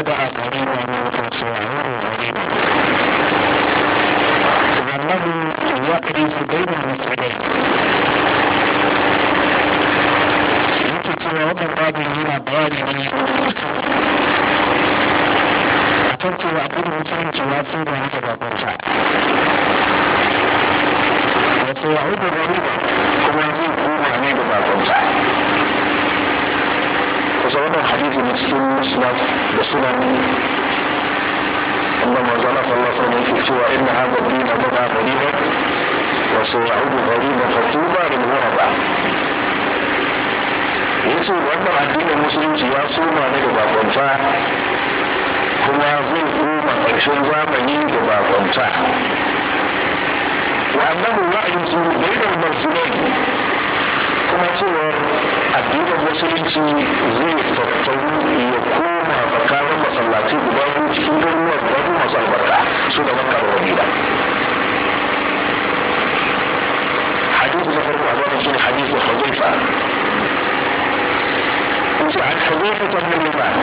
وضع طريقا وسعوره غريبا والذي يقرف بين المسعدين yake cewa wannan babu yana bayani ne sunan inda manzana sallallahu alaihi yake cewa inna hadha dina bada qarina wa sayaudu qarina fatuba lil ghuraba yace wannan addinin musulunci ya soma ne da bakonta kuma zai koma ƙarshen zamani da bakonta wa annahu ra'yun bainal marsudain kuma cewa addinin musulunci zai tattaru ya koma مقصود بكر الربيبة حديث زفر الأعضاء شنو حديث حذيفة عن حذيفة بن اليمان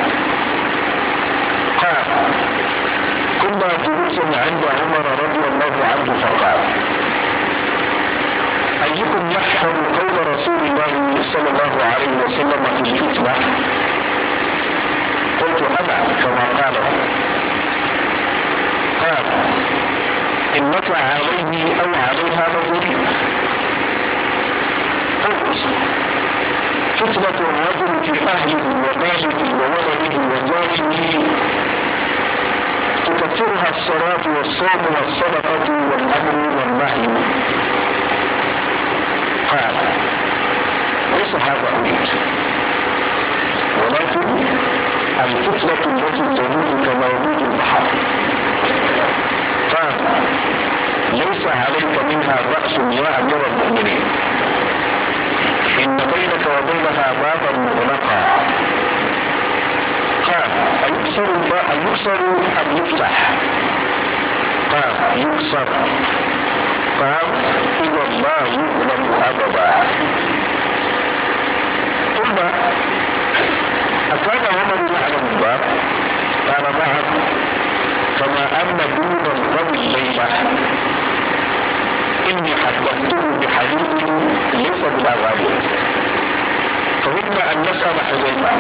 قال كنا جلوسا عند عمر رضي الله عنه فقال أيكم يحفظ قول رسول الله صلى الله عليه وسلم في الفتنة قلت أنا كما قال الثواب إن نطلع عليه أو عليها مظلومين فتنة الرجل في أهله وماله وولده وظالمه تكفرها الصلاة والصوم والصدقة والأمر والنهي قال ليس هذا أريد ولكن الفتنة التي كما يموت البحر منها ليس عليك منها رأس يا أمير المؤمنين إن بينك وبينها بابا مغلقا قال أيكسر يكسر أم يفتح قال يكسر قال إذا الله يؤلم أبدا ثم أكان عمر يعلم الباب قال نعم فما أن دون ذوي الليلة إني حدثته بحديث ليس بالأغاني فهم أن نسأل حذيفة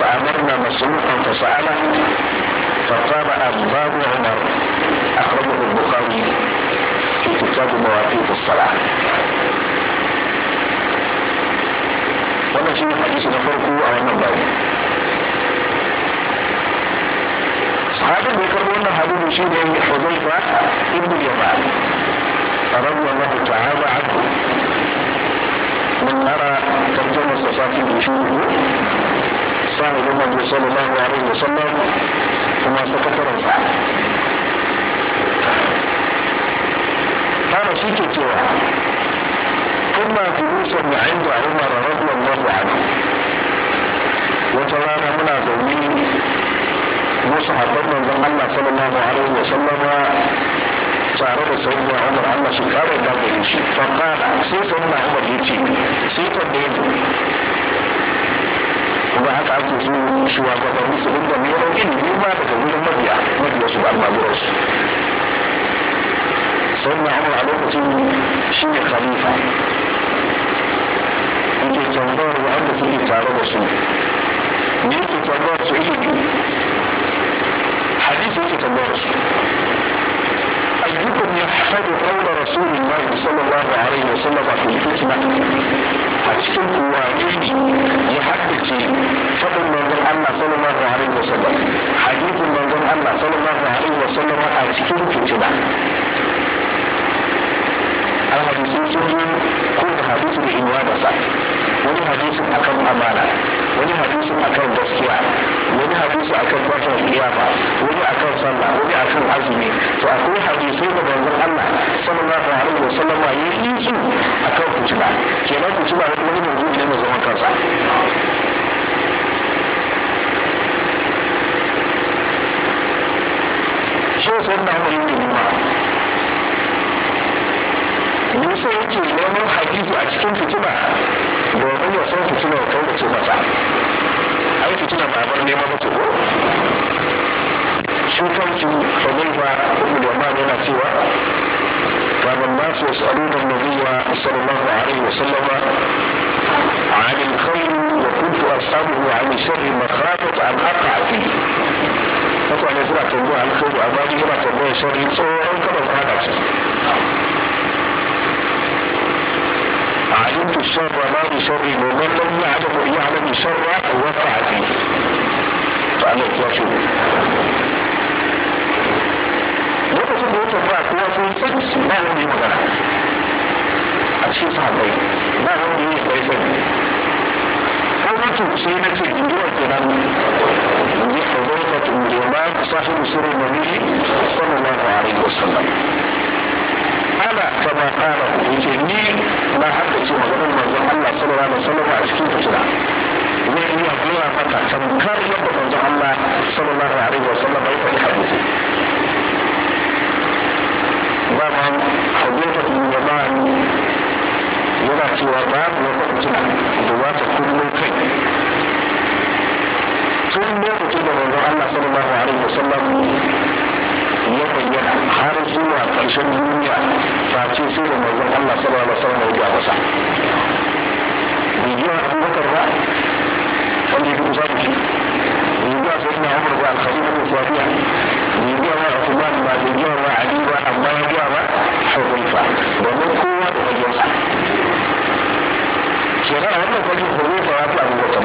فأمرنا مسروقا فسأله فقال أبواب عمر أخرجه البخاري في كتاب مواقيت الصلاة wannan حديثنا ne hadisi na hadin da ya karbo wannan da shi ne Hudayfa ibn Yaman radiyallahu ta'ala anhu mun ara tarjumar sa safi da shi ne sahibin Nabi da alaihi wasallam kuma sakataren sa kana shi ke cewa kuma filusar na inda Umar radiyallahu wata rana muna zaune musu haɗar manzon Allah sallallahu alaihi wa sallama tare da sauri da Umar Allah shi kare da gare shi fa qala sai sunna Umar yace sai tambaye ni kuma haka ake so shugabanni su dinga neman ilimi ma daga wurin mabiya mabiya su ba maguransu sunna Umar a lokacin shi ne khalifa yake tambayar wa'anda suke tare da su ne yake tambayar su ilimi حديث وقت الناس أيكم يحفظ قول رسول الله صلى الله عليه وسلم في الفتنة أشكلكم واجبي يحدثي فقل منظر أن صلى الله عليه وسلم حديث من منظر أن صلى الله عليه وسلم أشكل فتنة الحديثين سنين كل حديث بإنواد وصف ومن حديث أكبر أمانا wani hadisi akan gaskiya wani hadisi akan kwatar kiyafa wani akan sallah wani akan azumi to akwai hadisi da manzon Allah sallallahu alaihi wasallam ya yi su akan kutuba kenan kutuba wani mawdu'i ne mai zaman kansa shi sai na mu yi nima Musa yake neman hadisi a cikin fitina domin ya san fitina ya kaurace mata ai fitina ba bar nema mutu ko shi kanki fadaifa ibn yaman yana cewa كان الناس يسألون النبي صلى الله عليه وسلم عن الخير وكنت أسأله عن الشر مخافة أن أقع فيه mutane suna tambayar alkhairu amma ni yana tambayar sharri tsoron kada su hada علمت الشر ما بشر ومن لم يعلم يعلم شر وقع فيه فانا اتوافق لقد قلت الله اتوافق فبس ما لم يقرا اشي صعب لي ما لم يقرا ليس لي قلت سيدة الدنيا كلام من حضرة اليمان صاحب سر الله ana kama kana yace ni na haka ce maganar manzon Allah sallallahu alaihi wasallam a cikin fitina zai iya gura mata tamkar yadda manzon Allah sallallahu alaihi wasallam ya faɗi hadisi baban hadisa ibn Yaman yana cewa babu wata fitina da ta kullum kai tun lokacin da manzon Allah sallallahu alaihi wasallam ya bayyana har zuwa ƙarshen duniya ce sai da manzon Allah sallallahu alaihi wasallam ya gaya masa bai yi wa ba wanda ya duka zaɓi shi bai yi Umar ba al-Khalifa bin Safiya bai yi Uthman ba bai yi Ali ba amma ya gaya wa Hudayfa domin kowa da hanyarsa kenan wannan kwalin Hudayfa ya Abubakar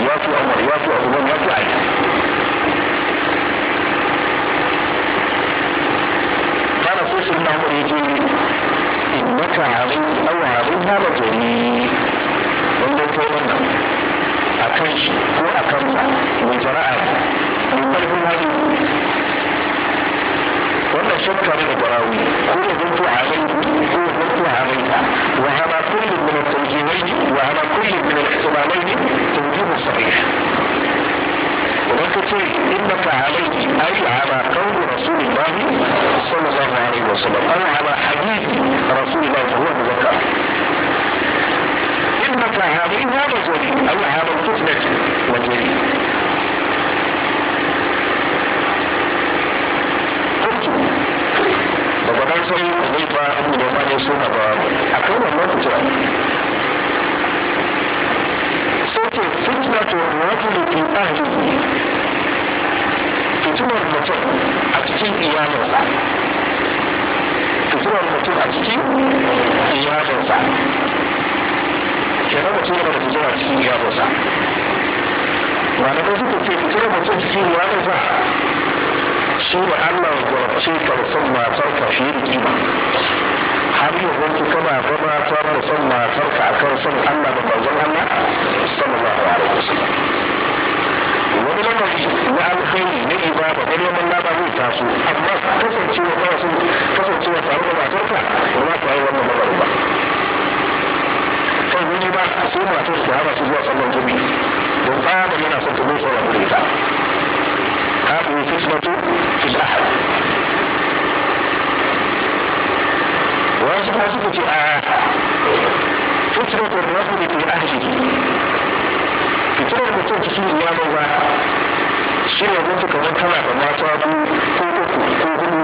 iyalinsa fitowar mutum a cikin iyalinsa kenan mutum yana da fitowar cikin iyalinsa malamai suka ce fitowar mutum cikin iyalinsa shi ne allah gwarce karfin matar ka fiye da kima har yi wanki kana gabatar da son matar ka akan son allah da manzon allah sallallahu alaihi wasallam wani lamari na alkhairi na ibada wani yaman laba zai taso amma kasancewa kawai sun kasancewa tare da matarka ba za ta yi wannan lamarin ba kai wani ba sai matar ta hana su zuwa sallan jami'i don ba da yana son ta zo sauran da ita هذه فتنة في الأحد ويجب أن تكون فتنة الرجل في fikirar mutum ciki ya maza shi ne mutu kamar tana da mata biyu ko uku ko hudu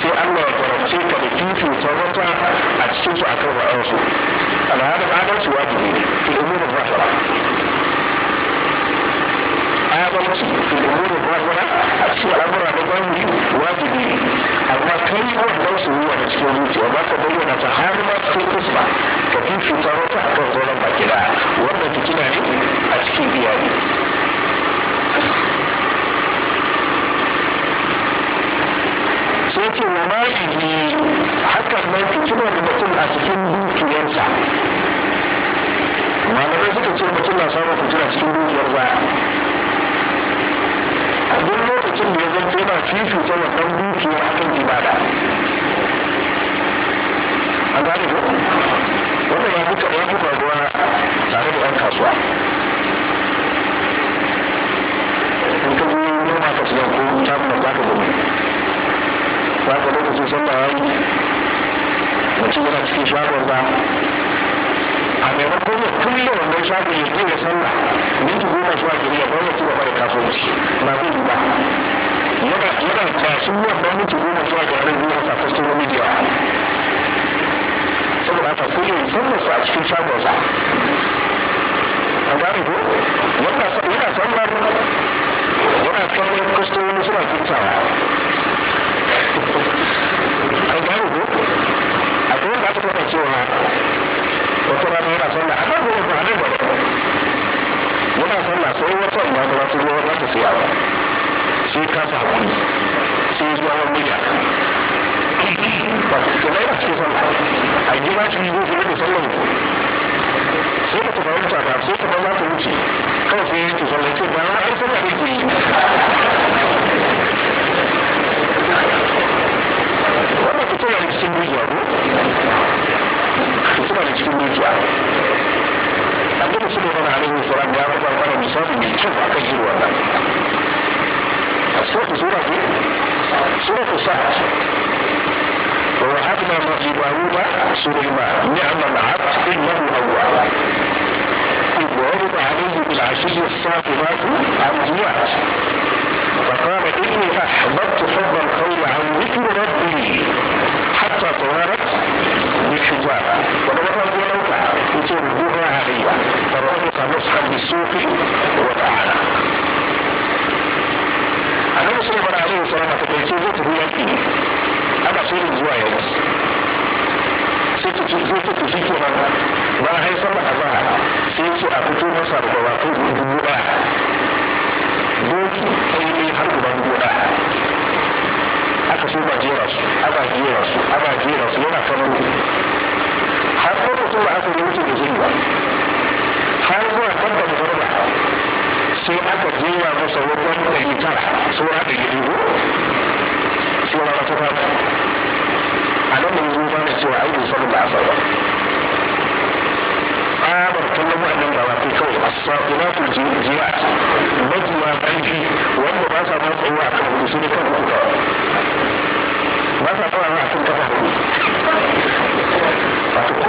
sai Allah ya garance ka da fifita wata a cikin su akan ra'ayarsu alhalin adalci wajibi ne fi umurin zafara al'amarci da umuri zahira a cikin al'amura na zahiri wajibi amma kai wannan soyayya da cikin zuciya ba ka bayyana ta har ma cikin kusba ka fifita wata akan sauran baki da wannan fitina ne a cikin iyali sai ce wa malihi haka nan fitinar mutum a cikin dukiyarsa malamai suka ce mutum na samun fitina cikin dukiyar baya duk lokacin da ya zanto yana fifita wannan dukiya a akan ibada an gane ko wannan ya fi ya fi faruwa tare da 'yan kasuwa in ka biyo noma ka ci ko tamu za ka gani za ka lokacin sallah ya yi mutum yana cikin shagon ba a maimakon ya kulle wannan shago ya je ya sallah minti goma zuwa gari ya bar ci gaba da kasuwanci ba zai yi ba yana tashi wannan minti goma zuwa gari zai rasa kwastomomi da yawa saboda haka kulle musamman su a cikin shagonsa a gane ko yana sallar yana sallar kwastomomi suna kintawa a gane ko akwai wanda aka taɓa wata rana yana sallah a nan gobe a yana sallah sai wata ba ta wata gobe za ta sai awa sai ka sa hakuri sai zuwa wani mija yana cikin sallah a gida cikin yi gobe da sallah ko sai ka tafi sai ka za ta wuce kawai sai yake sallah ce ba na ai sallah ne ke yi wannan fito yana cikin rijiya ko to suna da cikin dukiya annabi sulaiman alaihi salam ya faɗa mana misali mai kyau akan irin wannan a sura sura ce sura sa'ad ووهبنا له داوود سليمان نعم العبد انه اواب اذ عرض عليه بالعشي الصافرات الازواج فقال اني احببت حب القول عن ذكر ربي حتى طهرت الحجاب وتمرد ولوكا وتوجهها عليها فرأتك نصحا بالسوق والأعلى annabi sallallahu alaihi wasallam ta kai zai tafi yaki ana so zuwa ya musu sai ta zai ta ba hai sama a sai ce a fito masa da ba ko dubu kai ne har guda dubu da aka so ba jera su aba jera su aba jera su yana kallon har lokacin da aka wuce da jini ba har zuwa tabbata farba sai aka jera masa wajen ɗari tara ya ɗari dubu sauran wata fata a nan da yanzu fara cewa ai bai sanin ba a farba tsabar kallon wa'annan ba kai kawai a as-sa'ilatul jirat majiya ƙarfi wanda ba sa ma a kan hudu su ne kan hudu ba sa tsawa a kan kafa hudu Thank you.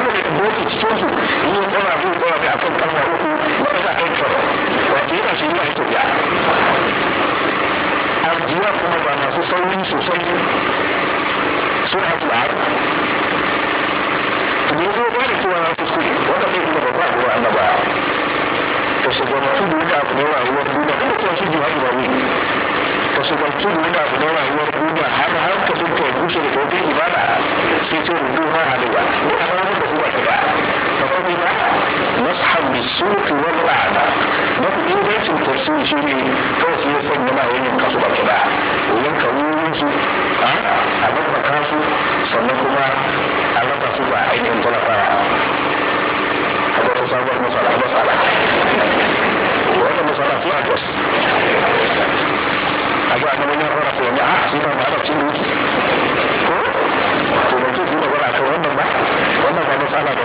to ka so barci da wani abu na rayuwar duniya har har ka so ka gushe da kawai ibada sai ce rubu ma halayya ni a ranar da kuma ta ba ta kuma ba mashan bisuki wal ra'ada mafi ingancin tafsiri shi ne kawai sai ya sanya ma yayin kasu ba ta ba yanka wurin su a babbaka su sannan kuma a raba su ba aikin talaka a wata sabuwar masala masala wannan masala su a a ji a gaban ya fara ko a ah, shi ba ma arabcin da yake ko to ban ce su magana kan wannan ba wannan ba matsala ba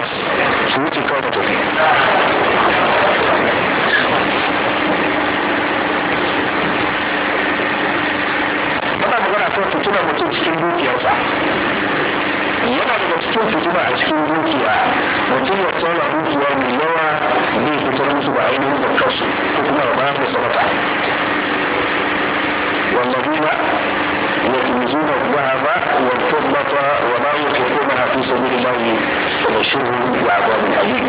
su wuce kawai da tafi شرور وعذاب أليم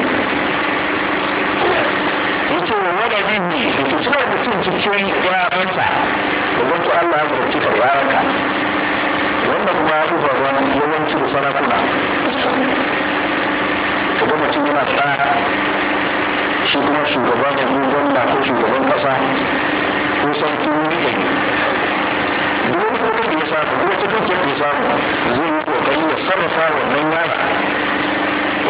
yace wa waladin ne yace suna mutum cikin yaransa domin to Allah ya zarci ka wanda kuma ya rufa ruwan yawanci da sarakuna ka ga mutum yana tsara shi kuma shugaba ne ko gwamna ko shugaban kasa ko sarki wuri da duk wani da ya samu duk da ya samu zai yi kokari ya sarrafa wannan yara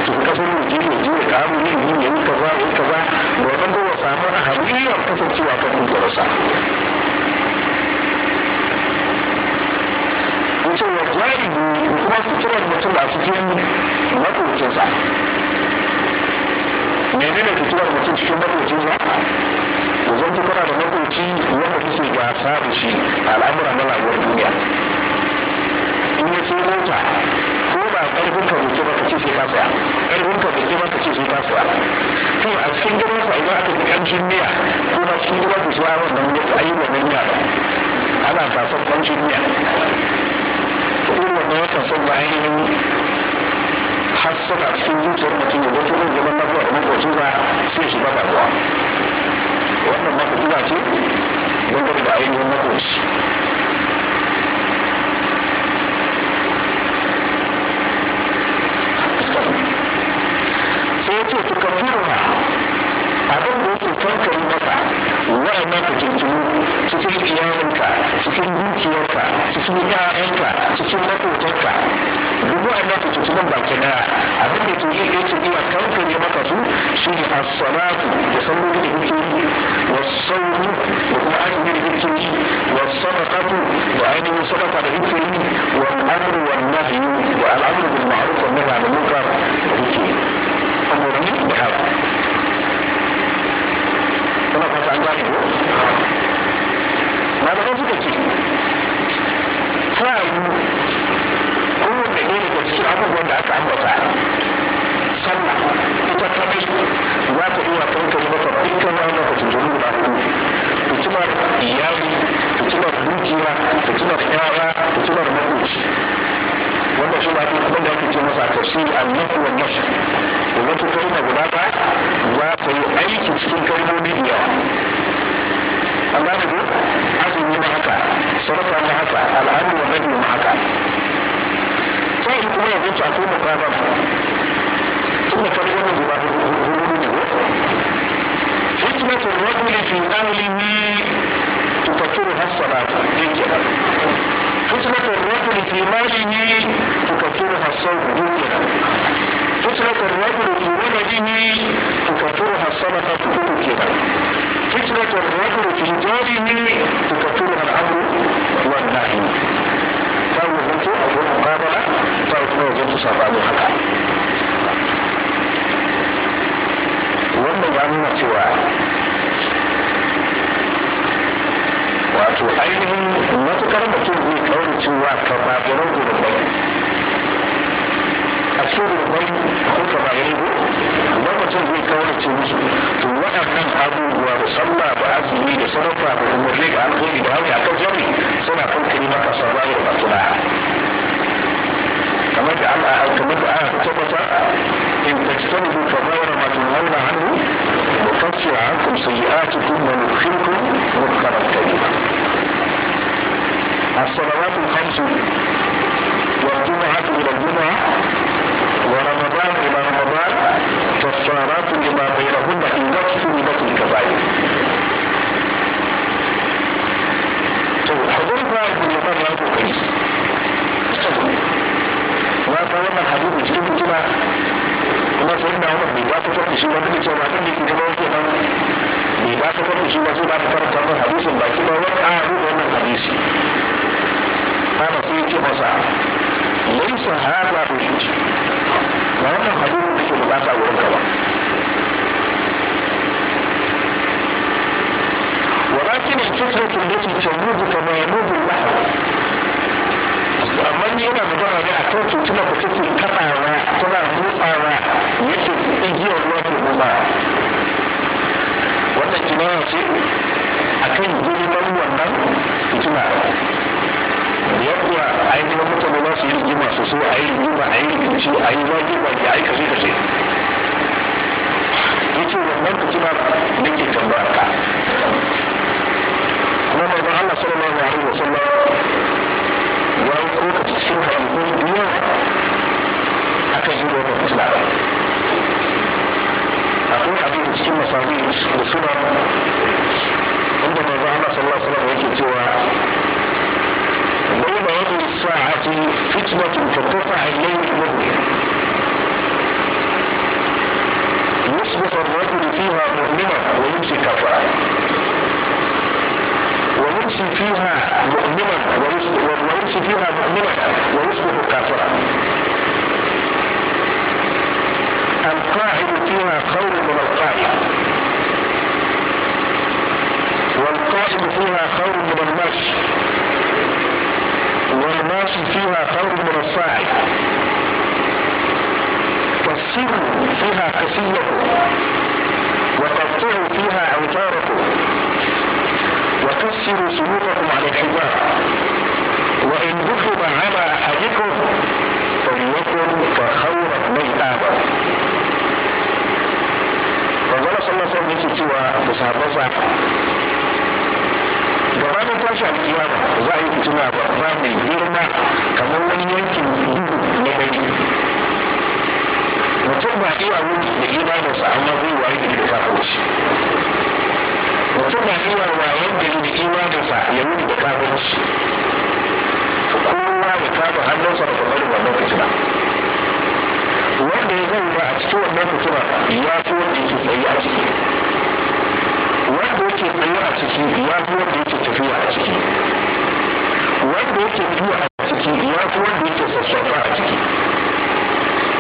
tafi kasar waje ya je ya kamu yin yin yayi kaza yayi kaza da wannan ba samu a hariyar kasancewa kan kuntarsa yace wa jaribu kuma suturar mutum a cikin makocinsa menene suturar mutum cikin makocinsa yanzu ku kana da makoci wanda kuke gasa da shi al'amuran na lamuwar duniya in ya ce mota ba ƙarfin ka ba ta ce sai ka saya ƙarfin ka ba ta ce sai ka saya to a cikin gidan ku idan aka fita cikin miya ko ba cikin gidan ku sai wannan ne ayi wannan miya ana fasan cikin miya to irin wannan yakan son ba ainihin har suka cikin zuciyar mutum ya zato zai zama zuwa da makwacin ba sai shi ba ba wannan makwaci ba ce don da ainihin makwaci cikin ƴaƴanka cikin makotanka dubu a mata ki kinan baki na abin da ke yi da ne iya kamfani maka su shi ne as-salatu da da kuke yi wa sauru da kuma azumi da kuke yi wa sadaqatu da ainihin sadaqa da kuke yi wa amru wa nahyi wa al'amru bil ma'ruf wa nahyi anil munkar da kuke yi amurni da haka ko faru kowanne ne daga cikin abubuwan da aka ambata sallah ita kadai za ta iya kankare maka dukkan wani lokacin da guda hudu fitimar iyali fitimar dukiya fitimar yara fitimar makoci wanda shi ba ta abin da ake ce masa tafsiri annabi wa nashi da wata kalma guda ba za ta yi aiki cikin kalmomi da yawa an gane ko azumi ma haka sadaka ma haka al'adu wa gani ma haka sai kuma yanzu ta ko mukaba tun da farko ne guda hudu ne ko hikmatul rajuli fi amalihi tukaffiruha as-salatu din kenan hikmatul rajuli fi malihi tukaffiruha as-sawm din kenan hikmatul rajuli fi waladihi tukaffiruha as-sadaqatu din kenan فتنة الرجل في داره تكفر الأمر والنهي فهو بنت أبو المقابلة فهو بنت صاحب أبو حكا wannan ya nuna cewa wato ainihin matukar mutum zai kaurace wa kama da rauni da kwanu tasirin rai ko tabarai ko lokacin zai kawarce musu to waɗannan abubuwa da sallah da azumi da sarrafa da umarni da alkhairi da hawi akan jami suna kankari maka sabari da matsala kamar da Allah kamar da Allah tabbata in tajtanibu fadawara ma tunhauna anhu نكفر عنكم سيئاتكم وندخلكم مغفرا كريما الصلوات الخمس والجمعة إلى الجمعة والمرأة لما بينهن إن وكسبت الكبائر حضرتها ابن يمان يا أبو قيس وأنا لما الحبيب يجري من جماعة kuma sai da wani bai ba fitar da shi wani ce matan da ke gaba wake nan bai ba ta tafi shi wasu ba fitar da wannan hadisin baki ba wani a rubu wannan hadisi ana sai ce masa laisa hada hujji ba wannan hadisin da ke bukata wurin ka ba ولكن الفكرة التي تموج كما يموج اللحم amma ni yana magana ne a kan cutuna da take kaɗawa tana motsawa yake igiyar ruwa ke motsa wannan kinaya ce a kan girman wannan fitina ya kuwa ainihin mutane za su yi rigima su so a yi rigima a yi riginci a yi zagi baki a yi kashe kashe yace wannan fitinar nake tambayar ka kuma manzon Allah sallallahu alaihi wasallam ya yi koka cikin hadisi biyu akan yi wannan fitina akwai hadisi cikin masahi da suna inda manzon Allah sallallahu alaihi wasallam yake cewa بين يدي الساعة فتنة كالقطع الليل المظلم يصبح الرجل فيها مؤمنا ويمشي كافرا ويمشي فيها مؤمنا ويمشي فيها مؤمنا ويصبح كافرا القاعد فيها خير من القائم والقائم فيها خير من الماشي والماشي فيها خير من الصاعد تكسروا فيها قسيكم وتقطعوا فيها اوتاركم وكسروا سلوككم على الحجاب وان ركب على احدكم فليكن كخورة ميتابة Manzala sallallahu alaihi wasallam yake cewa da sahabbansa da ranar tashi a kiyama za a yi fitina ba za mu girma kamar wani yankin duhu na gari mutum na iya wuri da imaninsa amma zai waye gari da kafirci mutum na iya da gari da imaninsa ya wuri da kafirci kowa da kama hannunsa da kuma da wannan fitina wanda ya zai ba a cikin wannan fitina ya fi wanda yake tsaye a ciki wanda yake tsaye a ciki ya fi wanda yake tafiya a ciki wanda yake tafiya a ciki ya fi wanda yake sassafa a ciki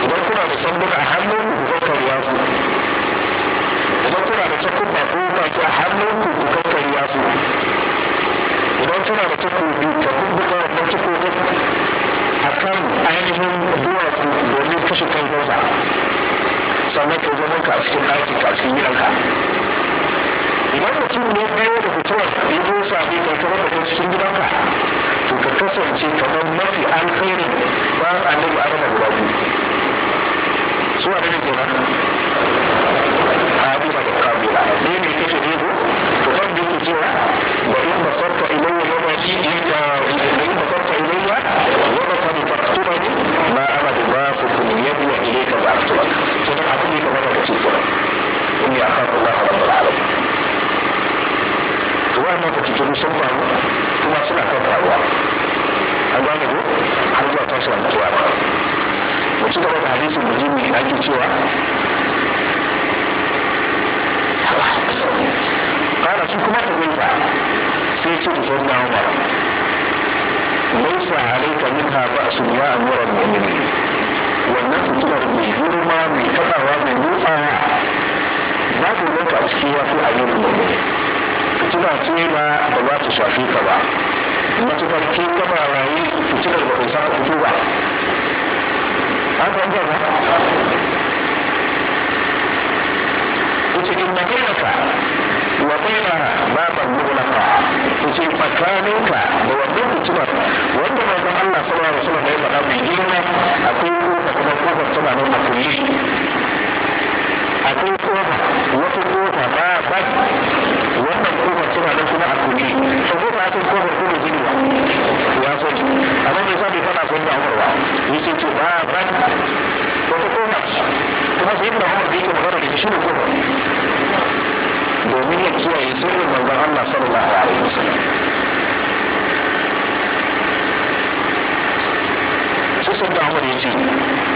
idan kuna da sanduk a hannun ku kakkarya su idan kuna da takubba ko baki a hannun ku ku kakkarya su idan kuna da takobi ka kubbuka wannan takobin a kan ainihin duwatsu domin kashe kan gaza sannan ka zama ka a cikin ɗaki ka cikin gidanka idan mutum ne ɗaya da fitowar ya zo sami ka kamar da cikin gidanka to ka kasance kamar mafi alkhairin ba bayan annabi adama guda biyu suwa da nake nan Habila da Kabila ne ne kake ego to kan da yake cewa wa in basarta ilayya yawma idin ka wa in basarta ilayya wa basarta faqtubani ma ana bi bafukum yadi wa ilayka ba'tubani to da abin da kamar da cikin inni akhafu Allah rabbul alamin to wannan ta cikin sun faru kuma suna kan faruwa an gane mu ci gaba da hadisin muhimmi ake cewa kana su kuma ta gaisa. sai ce da sauna umar laisa alaika minha ba'sun ya amira mu'minin wannan fitilar mai girma mai kaɗawa mai nufa ba ku yanka a cikin wasu ayyukan mu'minin fitila ce ba da za ta ka ba Matukar kin gaba rayu fitilar ba ku fito ba an fahimta ba kuce inna bainaka wa bainaha baban mughlaqa kuce tsakaninka da wannan kutumar wanda manzon Allah sallallahu alaihi wasallam ya faɗa mai girma akwai kofa kuma kofar tana nan a kulle akwai tsofa wata tsofa ba ba wannan kofar tana nan kuma a kuli to ko ba ta kofar ko ne gini ya so amma me yasa bai fada sun da Umar ba yake ce ba ba wata kofa kuma sai da Umar bai ke magana da shi ne kofar domin ya kiyaye sirrin manzon Allah sallallahu alaihi wasallam sai sun da Umar yace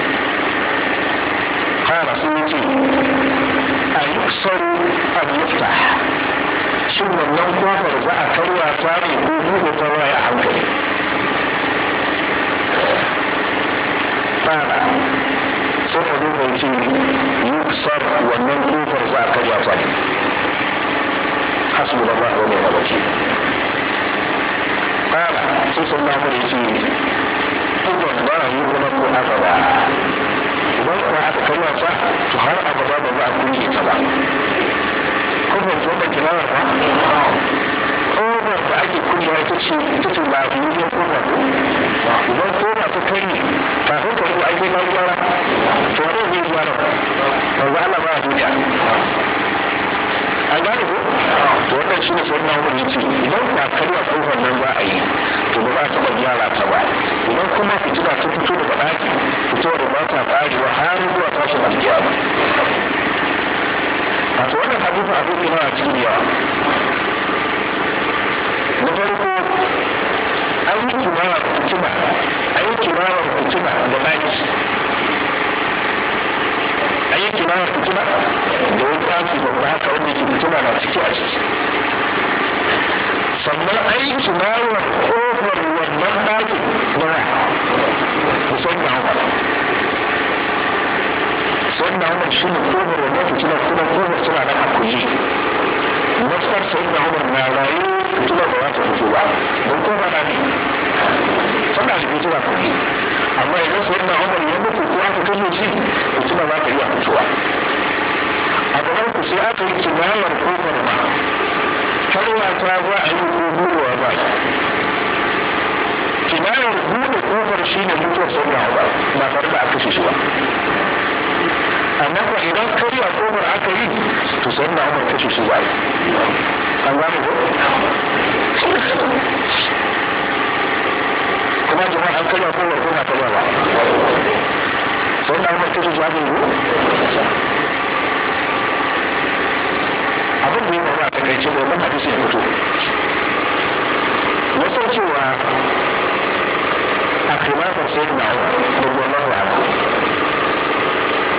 الحرارة في المكين أيكسر أم يفتح shin wannan kofar za a karya ta ne ko buɗe ta waya a hankali fara sai ka duba ce yuksar wannan kofar za a karya ta ne hasbun Allah wa ni'mal wakil fara sai sun ba mu da yake ibn ba yi kuma ko aka ba idan kuwa aka karya ta to har abada ba za a kunje ta ba kofar zuwa da kilawar ba kofar da ake kunna ita ce ita ce lafiyar kofa idan kofa ta karye kafin ka zuwa ake kan to zai zuwa da ba za a ba a duniya an gane ko to wannan shi ne sai na ya ce idan ba karya kofar nan za a yi to ba za a taɓa gyara ta ba idan kuma fitina ta fito daga ɗaki fitowar ba ta ƙarewa har zuwa tashin alkiyama a to wannan hadisin abin da na cikin yawa na farko an yi kimawar fitina an yi kimawar fitina da ɗaki ayi kima na fitina da wani ɗaki babba haka wanda ke fitina na ciki a ciki sannan aiki na wa kofar wannan ɗaki na musamman wa sannan wannan shi ne kofar wannan fitina kuma kofar tana nan a kuyi sannan wannan na rayu fitinar ba za ta fito ba don kofar na ne sannan shi fito ba amma idan sai na umar ya mutu kuwa aka kashe shi mutum za ka iya fitowa a gaban ku sai aka yi kinayar kofar ma kalwa ta ba a yi ko burowa ba kinayar buɗe kofar shi ne mutuwar sunna umar ba tare da aka kashe shi ba amma ko idan karya kofar aka yi to sunna umar kashe shi ba an gane ko باجي ما عن كلمة كلمة كلمة كلمة سيدنا عمر تجي جواب يقول abin da ya faru a takaice domin hadisi ya fito wasan cewa a khilafar sayyidina umar radiyallahu anhu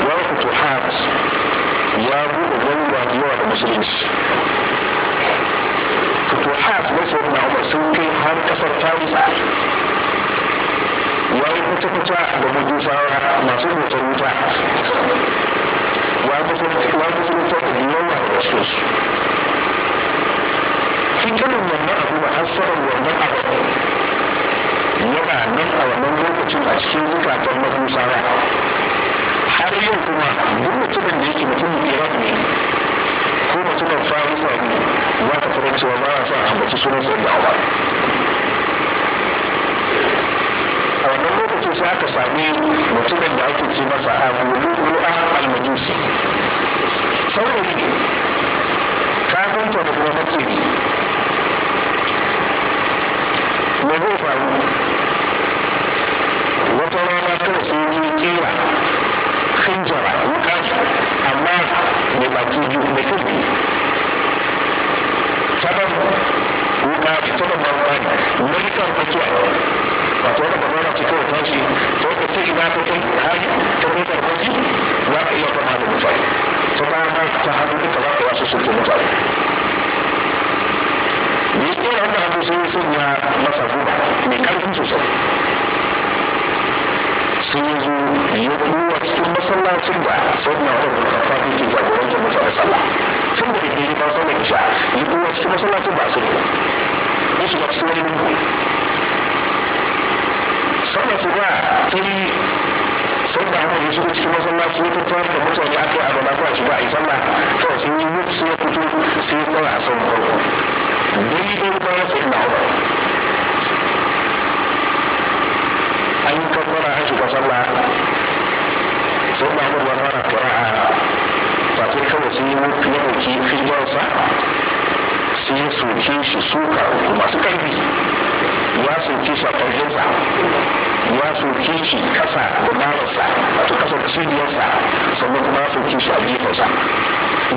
wa futuhat ya buɗe garuruwa da yawa da musulunci futuhat na sayyidina umar sun kai har kasar farisa ya yi kwata-kwata da majusawa masu hoton wuta wa kusa wuta da yawa da wasu fitarin wannan abu ba hassarar wannan abu yana nan a wannan lokacin a cikin zukatan majusawa har yau kuma duk mutumin da yake mutumin iraq ne ko mutumin farisa ne za ka fara cewa ba a sa ambaci sunan sallallahu alaihi wani lokaci sai aka sami mutumin da ake ce masa a gudu ko a almajusi sauri ka kanta da kuma mace ne na zai faru wata rana ta wasu yi kera hanjara wuka amma mai baki biyu mai kan biyu ta ba wuka ta ba ba ba ne na rikar fasuwa wato wata babbar ce kawai tashi to ka ce ina ko kai har ta ko ta kwaji za ka iya kama da mutane to ba ba ta hannu duka za ka wasu sun mutane ni tsira wanda abu sun sanya masa guba mai karfin sosai sun yi zo ya kowa cikin masallacin da sai na wata bukata ne ke jagorantar mutane sallah tun da ke ne ba sallah isha ya kowa cikin masallacin ba sun yi cikin wani asuba sun sun da hannun su cikin masallaci ya tattar da mutane aka yi abu ba shi ba a yi sallah kawai sun yi mutu sun fito sun yi tsara a son farko daidai bayan su ina umar an yi kabbara an shiga sallah sun da hannun wani a kura'a fatin kawai sun yi mutu ya ɗauki fijarsa sun yi soke shi suka masu ƙarfi ya soke shi a ƙarfinsa ya soke shi kasa da mararsa wato kasar cibiyarsa sannan kuma ya soke shi a gefensa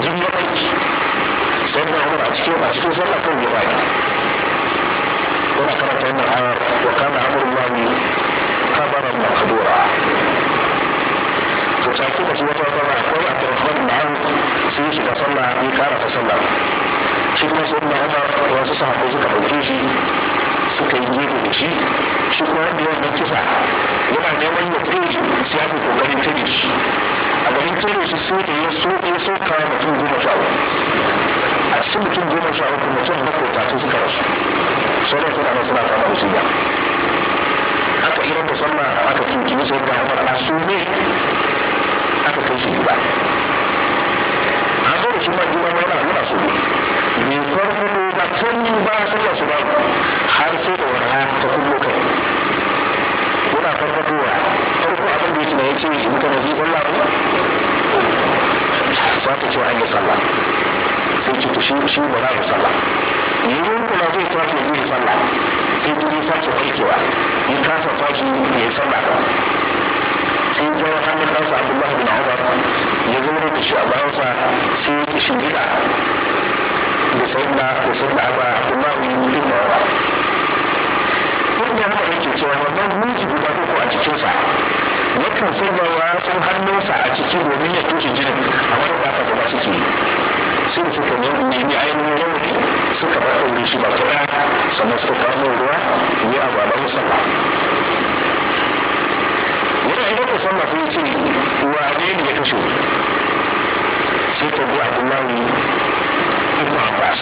jin ya ɗauki sai na umar a cikin a cikin sallah kan ya baki yana karanta wannan ayar wa kana amrullahi kabaran maqdura to sai kuma shi wata wata akwai abdurrahman bin auf sai shi sallah ya kara sallah shi kuma sai na umar wasu sahabbai suka ɗauke shi suka yi gefe da shi shi kuma da wannan kisa yana neman ya tsere sai aka kokarin tsere shi a garin tsere shi sai da ya so ya so kawo mutum goma sha uku a cikin mutum goma sha uku mutum na kota su suka rasu da suna nan suna kama da shiga aka yi da a aka kinkini sai ga umar a su ne aka kai shi gida an zo da shi ma gida wani abu na so ne mai farko komi ba su ya su babu har sai da wara ta kullo kai yana farfadowa farko abin da yake na yace in kana bi Allah ba ta ce an yi sallah sai ki tushi shi ba za mu sallah yayin kula zai tafi yi sallah sai ki sake farkewa in ka sa tashi ya sallah sai ya zama hannun ɗansa Abdullah bin Umar ya zama da shi a bayansa sai ya ki shi bid'a da sayyidina da sayyidina Abba Abdullahi ibn Umar inda haka yake cewa wannan miji guda uku a cikinsa yakan sanya wasan hannunsa a ciki domin ya tushe jinin a wani ba gaba suke sun suka nemi ainihin suka ba ɗaure shi ba kuɗa sannan suka ruwa ya a yana musamman wani ainihin musamman sun ce wa ne ya kashe sai ta ibn abbas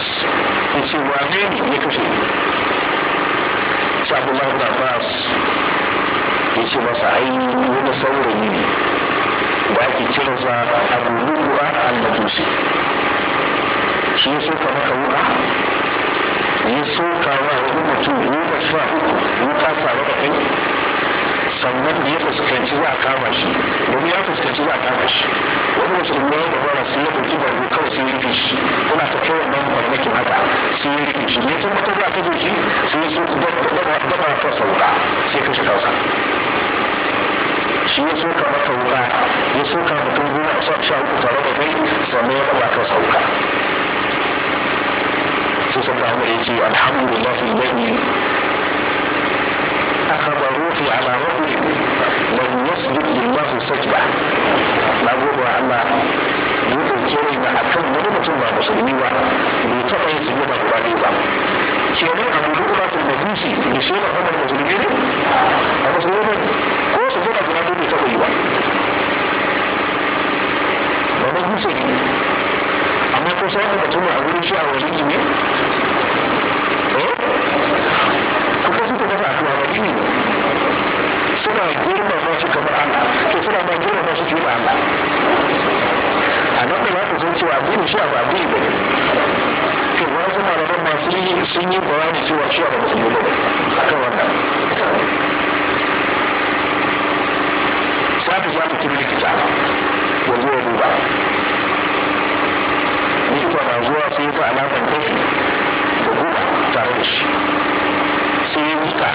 ya ce wane ne ya kashe sai abdullahi ibn abbas ya ce masa ai wani saurayi ne da ake kiransa abu lubuwa al-majusi shi ya soka maka wuka ya soka wa wani mutum wuka sha uku wuka tare da kai sannan da ya fuskanci za a kama shi domin ya fuskanci za a kama shi wani musulmi ya gabara sun ya ɗauki ba kawai sai rike shi ne sun fito ba ta zo shi sai su dafa fasa wuka sai kashe kansa shi ya soka maka wuka ya soka mutum goma sha uku tare da kai sannan ya ɗaga kansa wuka sai sun ta hanyar yake alhamdulillah alladhi akhadha ruhi ala rabbi lam yasjud lillahi sajda na gode wa Allah ya ɗauke ni ba a kan wani mutum ba musulmi ba bai taɓa yin zuwa ba guda ɗaya ba kenan abu da kuma tun da zuci da shi na kuma musulmi ne a musulmi ne ko su zuwa guda bai taɓa yi ba ba na ne amma ko sai ka mutum a gurin shi a wajen jini eh? kuma suka dafa a tuwa ba ne suna kamar Allah to suna ma girmama masu fiye Allah matsala ta san cewa addini shi abu addini ba ne to wasu malaman masu yi sun yi bayani cewa shi abu musulmi ba ne akan wannan sata za ta kiri likita ya zo ya duba likita na zuwa sai ta alaƙar kai da guba tare da shi sai ya wuta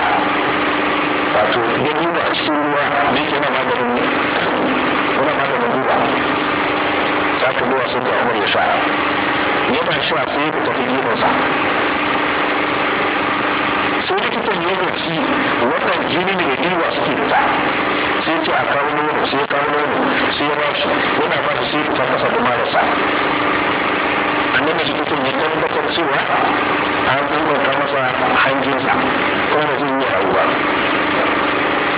wato ya duba cikin ruwa da yake na maganin wani ya kullu wa sun umar ya sha'a ya ba shi sai ya tafi gefen sa sai likitan ya gaci wannan jini ne da diwa suke ta sai ce a kawo nono sai ya kawo nono sai ya bashi yana ba shi sai ta kasa da marasa annabi likitan ya tabbatar cewa an tsananta masa hanjinsa kuma da zai yi rayu ba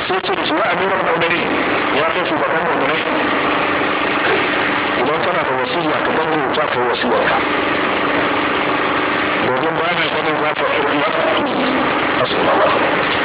sai ce da shi wa'adu amiran maudare ya kai shugaban maudare idan kana da wasiya ka dan rubuta ka wasiyarka domin ya na ganin za ta wasu a tsoron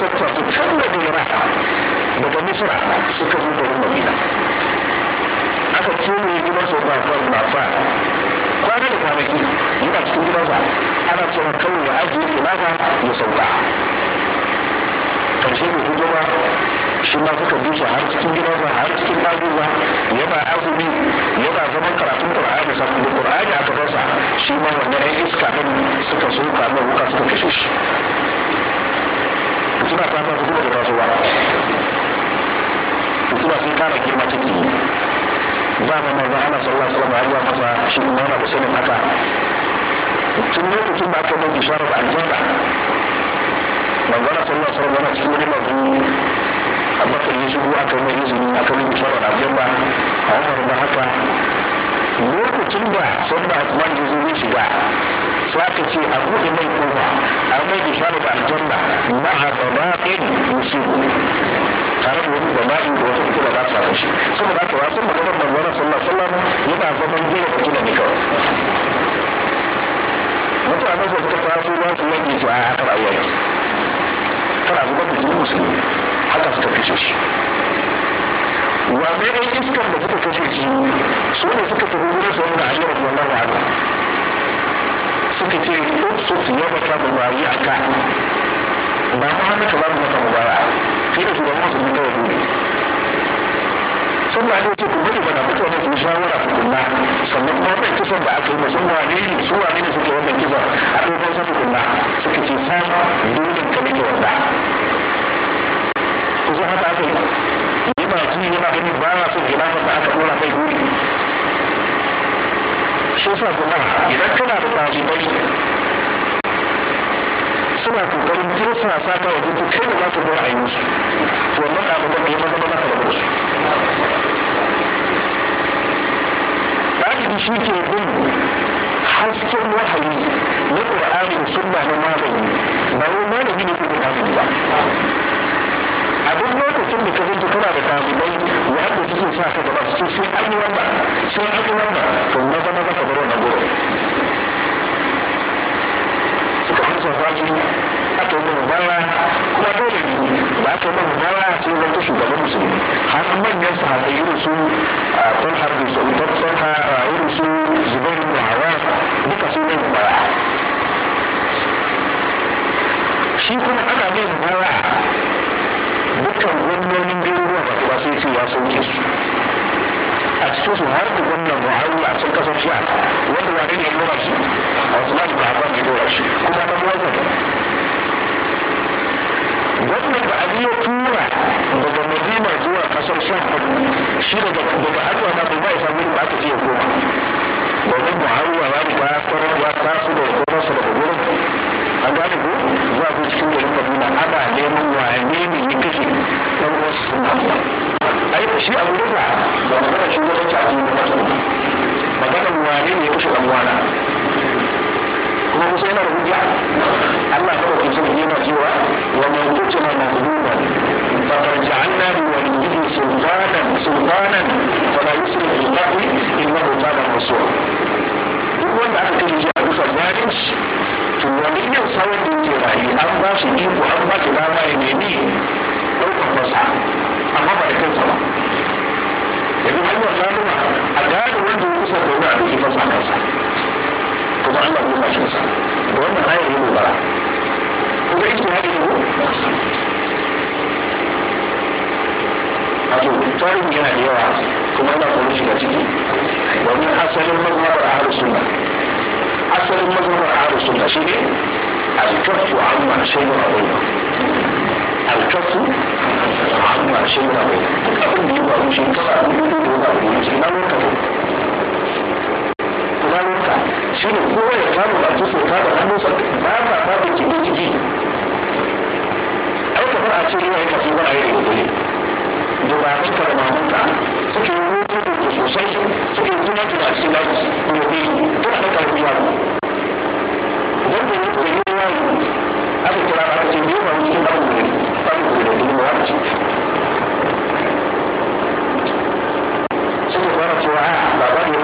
tattasa can da yara daga misra suka zo garin madina aka kewaye gidansa ba fa na fa kwana da kwanaki yana cikin gidansa ana cewa kawai ya ajiye kilafa ya sauka karshe da hudu ba shi ma suka bi shi har cikin gidansa har cikin ɗaguwa yana azumi yana zaman karatun qur'ani sa da a gabansa shi ma wannan ɗan iska ɗin suka soka na wuka suka kashe shi Itulah sahabat tersebut kepada Rasulullah Itulah singkat di masjid ini Zaman Allah Sallallahu Alaihi Wasallam Ali Abbas Syukur Mana Bersama Kata Cuma itu cuma akan menjadi suara Pak Anjata Mangana Sallallahu Alaihi Wasallam Cuma ini lagi Apa yang Yesus Dua akan menjadi suara Pak Anjata Apa yang berbahasa Mereka kita Sallallahu Alaihi Wasallam Cuma ini sai aka ce a buɗe mai kofa a mai bishara da aljanna ma'a babaqin yusufu tare da wani bala'i da wata fitila za ta same shi saboda haka wasan maganar manzara sallallahu alaihi wasallam yana zaman gina fitila ne kawai mutanen da suka taso za su yanke su a haka rayuwa ne tana zubar da jinin musulmi haka suka kashe shi wa mai ɗan iskar da suka kashe shi su ne suka tafi wurin sa wanda a yi rasu wannan suka ce uksut a mubayyi'aka ba mu hannu ka babu mata mubara fi da shugaban musulmi kawai dole sun ne ce ku gudu bana mutu wani su shawara ku kunna sannan kuma wannan kisan da aka yi musu wane ne su wane ne suke wannan kisan a ɗaukar sa kunna suka ce san dole ka nake wanda ku zo haka aka yi yana ji yana yi ba na son gina da aka ɗora mai dole shi sa kuma idan kana da ɗalibai suna kokarin kirsa sa ta wajen ko kai da za su a yi musu to wannan ɗaliban da ya maza maza ka da su ɗalibi shi ke bin hasken wahayi na ƙur'ani sunna na magani ba wani malami ne ko ƙur'ani ba 按照这个全部的这个规划方案，我们要求大家要把宿舍安排完吧，宿舍安排完吧，从那边那边到那边去。宿舍房间，全部安排了，宿舍房间了，基本都是在公司。还有门面，还有就是，综合还是有的，综合还是有的，基本没有了。你看，宿舍房间了。dukkan gwamnonin garuruwa ruwa ba sai ce ya sauke su a cikin su har da wannan muhalli a cikin kasar shiyar wanda wani ne dora shi a wasu ba da ba ya dora shi kuma na ruwan zai gwamnan da a ya tura daga madina zuwa kasar shiyar shi daga daga arewa ba dubai sa wurin ba ta ya koma domin muhalli ba ta kwarar ta su da da daga shi a wurin ba ba magana shi wata caji na mata ba magana wane ne ya kashe ɗan wana kuma musa yana da hujja Allah ya ɗauki sun yana cewa wa man kutila mazluman faqad ja'alna li waliyyihi sultanan sultanan fala yusrif fil qatl innahu kana masur duk wanda aka kashe shi a bisa zalunci to wani yin sawar da yake rayu an ba shi iko an ba shi dama ya nemi ɗaukar masa amma ba da kansa ba yanzu hanyar laluma a gane wanda ya kusa da wani abin imansa a kansa kuma Allah ya kashe sa da wannan ayar ya dogara kuma ita ya ɗin ko wato tarihi yana da yawa kuma yana kuma shiga ciki domin asalin mazhabar ahlus sunna asalin mazhabar ahlus sunna shine al-kaffu amma shay'un adhim alkasu hannu a shi ba bai abin da ya faru shi ta faru da ya faru shi na lokacin kuma shi ne kowa ya samu a tuso ta da hannunsa ba ta ba da kiɗi kiɗi ai kamar a ce ruwa ya kasu ba a yi da dole da ba su ka da mamunta suke yi ruwa da sosai suke tuna tuna a cikin lafi da bai tuna da karfi yaro don da yi ruwa aka kira ba ta ce ne ba cikin abin da سيدي فرس وعاء لقد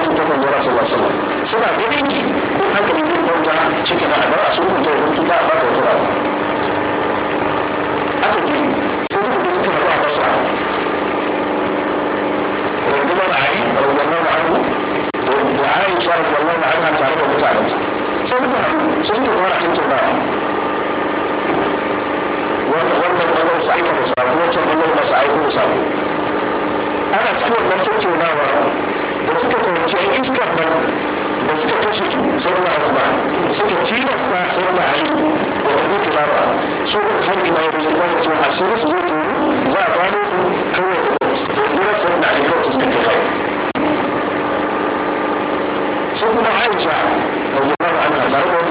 orang kata buat Rasulullah SAW. Sebab dia ini, bukan kemudian kau jangan cakap nak ada Rasul untuk orang kita apa kau tahu. Aku ini, sebab dia itu ada apa sah. Rasulullah Ali, Rasulullah Abu, Rasulullah Ali, Rasulullah Ali, Rasulullah Ali, Rasulullah Ali, Rasulullah Ali, Rasulullah Ali, Rasulullah Ali, Rasulullah Ali, Rasulullah Ali, Rasulullah Ali, Rasulullah Ali, Rasulullah Ali, Rasulullah Ali, Rasulullah Ali, Rasulullah Ali, Rasulullah Ali, Rasulullah Ali, Rasulullah Ali, Rasulullah Ali, da suka fahimci ai iskar nan da suka kashe su sai na Usman suka tilasta sai na Ali da Abu Kilaba su da har ina ya rubuta cewa a shirin su zai za a gano su kawai da kira sai na Ali kawai suka kai sai kuma Aisha radiyallahu anha ta rubuta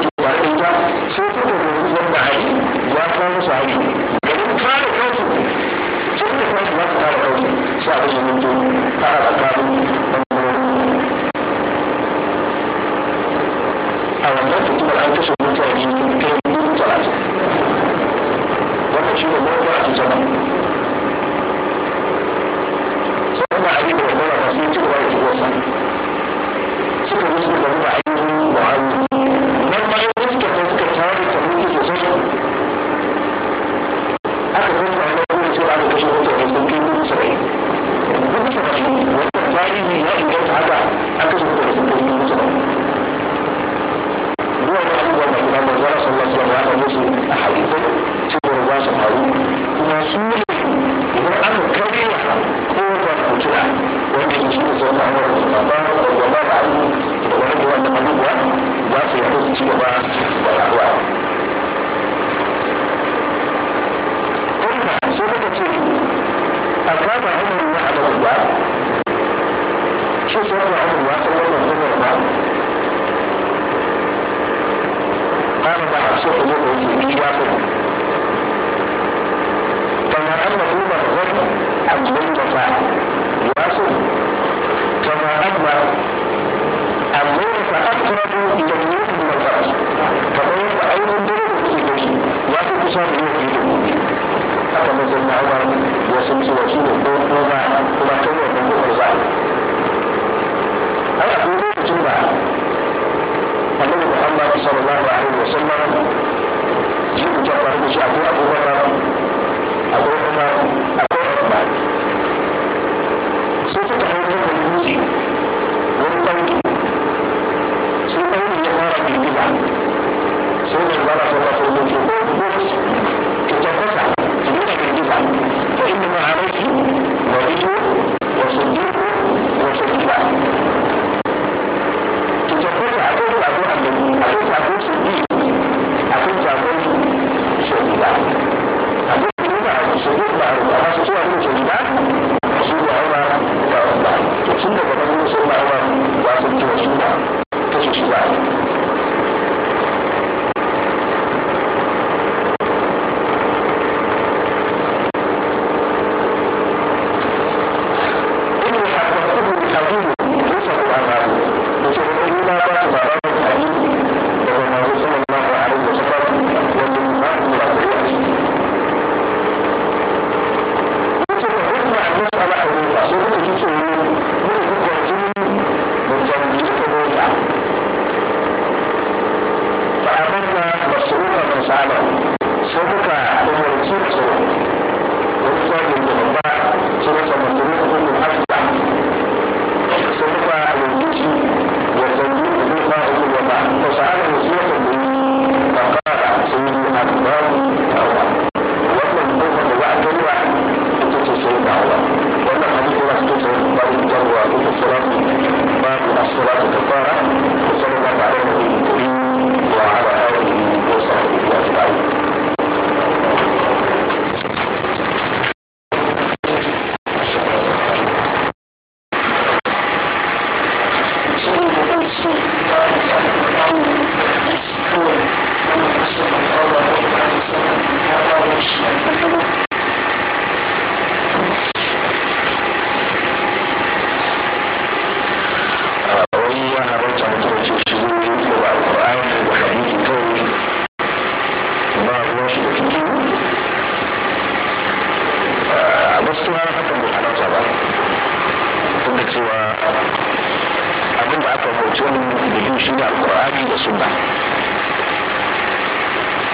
shi ne alkur'ani da sunna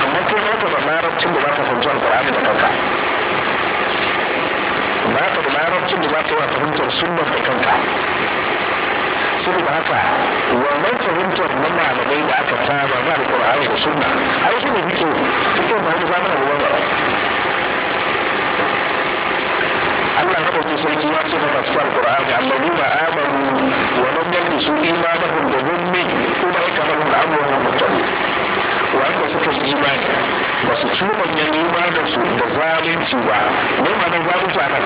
amma ko za ka da larabcin da za ka fahimci alkur'ani da kanka za ka da larabcin da za ka yi fahimtar sunnar da kanka ba haka wannan fahimtar na malamai da aka saba na alkur'ani da sunna ai shi ne fito fito na wani zamanin ruwan ba Allah na ɗauki sarki ya ce na masu alkur'ani allazina amanu wa نقصوا إيمانهم بظلم أولئك لهم الأمر وهم مهتدون wanda suka yi imani ba su cuɗanya imaninsu da zalunci ba ne ma da zalunci a nan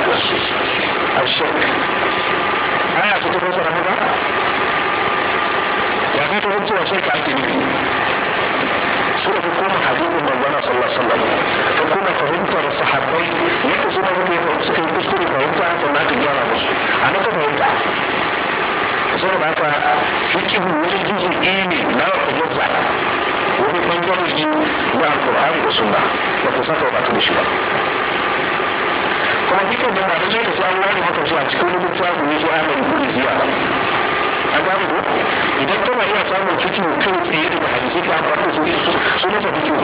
a shirk aya su ta fasa haka ya ka ta hukuncewa shirk ake nufi su da hukumar hadisin manzana sallallahu alaihi wasallam ta kuma fahimtar sahabbai yadda suna hukumar suka yi kuskure fahimta sannan ta gyara musu a nan ta fahimta saboda haka fikihu wani juzu'i ne na mutlaka wani bangarori na alkur'ani da sunna ba ku saka ba da shi ba kuma fikihu da ba da zai da wani haka zuwa cikin wani littafi ne zuwa mai kudi zuwa ba a gane ko idan kana iya samun fikihu kan tsaye daga hadisi ka ba da su su ne ta fikihu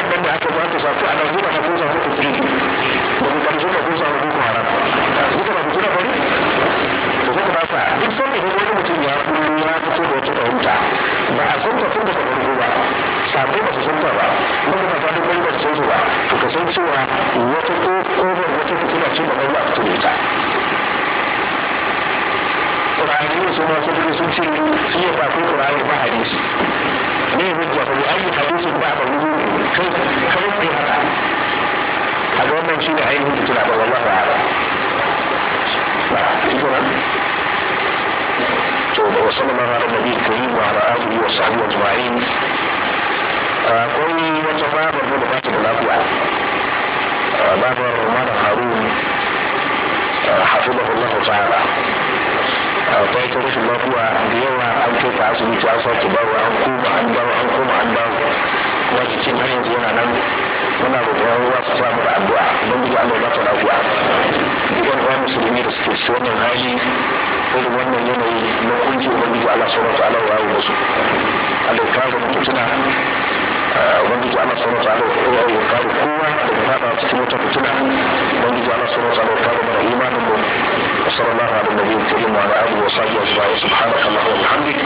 aka shafi a najeriya na kun samu kukuri da ku karshe da kun samu boko duka ba ku kira da kuka ba sa duk san idan wani mutum ya kuru ya fito da wata fahimta ba a san tafin da farko ba sabo ba su santa ba wanda ba faɗin wani ba su san su san cewa wata kofar wata fitila ce ba ba a fito da qur'ani ne su masu da sun ce shi ya ba ko qur'ani ba hadisi ne hujja ko ayi hadisi ba ka wuzu kai kai sai haka a ga wannan shi ne ainihin da tuna ba wallahi ta'ala وصلى الله على النبي الكريم وعلى اله وصحبه اجمعين. akwai wata babar da ba ta da lafiya babar mana harun hafizahullahu ta'ala ta yi rashin lafiya da yawa an kai ta asibiti an sake baro an koma an baro an koma an baro kuma jikin har yanzu yana nan muna roƙon ruwa su a mata addu'a don duka Allah ya mata lafiya dukkan ɗan musulmi da suke su wannan hali irin wannan yanayi na kunci ubangiji Allah sauran ta Allah wawo musu Allah ya kawo mutu tuna ah, ubangiji Allah sauran ta Allah ya kawo kowa da fada cikin wata fitina ubangiji Allah sauran ta Allah ya kawo mana imanin mu وصلى الله على النبي الكريم وعلى اله وصحبه اجمعين سبحانك اللهم وبحمدك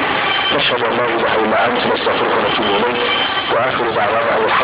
نشهد ان لا اله الا انت نستغفرك ونتوب اليك واخر دعوانا ان الحمد